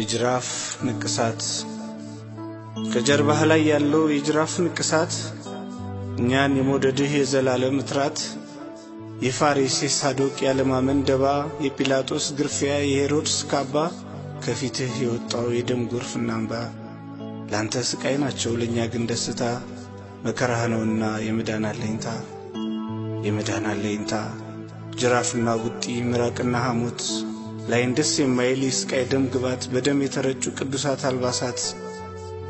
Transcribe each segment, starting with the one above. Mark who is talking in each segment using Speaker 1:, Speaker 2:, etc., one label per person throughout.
Speaker 1: የጅራፍ ንቅሳት ከጀርባህ ላይ ያለው የጅራፍ ንቅሳት እኛን የመውደድህ የዘላለም እትራት የፋሪስ የሳዶቅ ያለማመን ደባ የጲላጦስ ግርፊያ የሄሮድስ ካባ ከፊትህ የወጣው የደም ጎርፍ እናምባ ለአንተ ስቃይ ናቸው ለእኛ ግን ደስታ መከራህ ነውና የመዳን አለኝታ የመዳን አለኝታ ጅራፍና ቡጢ ምራቅና ሐሞት ደስ የማይል የስቃይ ደም ግባት በደም የተረጩ ቅዱሳት አልባሳት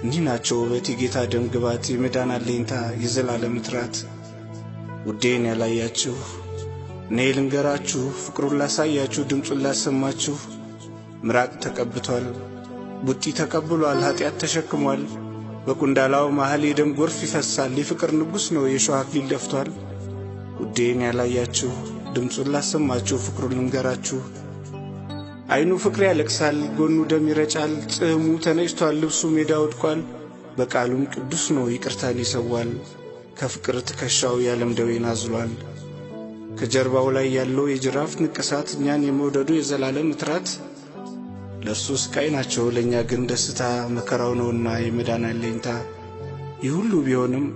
Speaker 1: እንዲህ ናቸው ውበት የጌታ ደም ግባት የመዳን አለኝታ የዘላለም እትራት። ውዴን ያላያችሁ እኔ ልንገራችሁ፣ ፍቅሩን ላሳያችሁ፣ ድምፁን ላሰማችሁ። ምራቅ ተቀብቷል፣ ቡጢ ተቀብሏል፣ ኃጢአት ተሸክሟል። በቁንዳላው መሃል የደም ጎርፍ ይፈሳል። የፍቅር ንጉሥ ነው የሸዋ አክሊል ደፍቷል። ውዴን ያላያችሁ ድምፁን ላሰማችሁ፣ ፍቅሩን ልንገራችሁ ዓይኑ ፍቅር ያለቅሳል፣ ጎኑ ደም ይረጫል፣ ጽሕሙ ተነጭቷል፣ ልብሱ ሜዳ ወድቋል። በቃሉም ቅዱስ ነው፣ ይቅርታን ይሰዋል። ከፍቅር ትከሻው የዓለም ደዌን አዝሏል። ከጀርባው ላይ ያለው የጅራፍ ንቅሳት እኛን የመውደዱ የዘላለም እትራት ለእርሱ ስቃይ ናቸው፣ ለእኛ ግን ደስታ መከራው ነውና የመዳን አለኝታ። ይህ ሁሉ ቢሆንም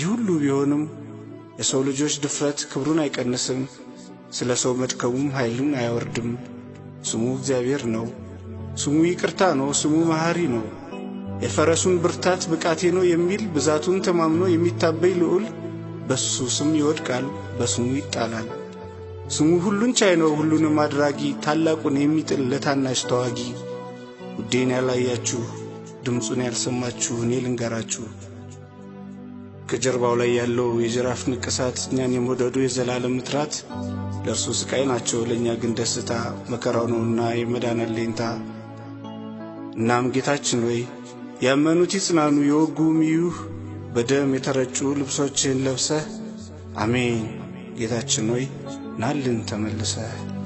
Speaker 1: ይህ ሁሉ ቢሆንም የሰው ልጆች ድፍረት ክብሩን አይቀንስም፣ ስለ ሰው መድከሙም ኃይልን አያወርድም። ስሙ እግዚአብሔር ነው። ስሙ ይቅርታ ነው። ስሙ መሐሪ ነው። የፈረሱን ብርታት ብቃቴ ነው የሚል ብዛቱን ተማምኖ የሚታበይ ልዑል በሱ ስም ይወድቃል፣ በስሙ ይጣላል። ስሙ ሁሉን ቻይ ነው፣ ሁሉንም አድራጊ፣ ታላቁን የሚጥል ለታናሽ ተዋጊ። ውዴን ያላያችሁ ድምፁን ያልሰማችሁ እኔ ልንገራችሁ። ከጀርባው ላይ ያለው የጅራፍ ንቅሳት እኛን የመውደዱ የዘላለም ምትራት ለእርሱ ስቃይ ናቸው፣ ለእኛ ግን ደስታ መከራው ነውና የመዳን ሌንታ እናም ጌታችን ወይ ያመኑት ይጽናኑ፣ የወጉም ይዩህ፣ በደም የተረጩ ልብሶችን ለብሰህ አሜን። ጌታችን ሆይ ናልን ተመልሰህ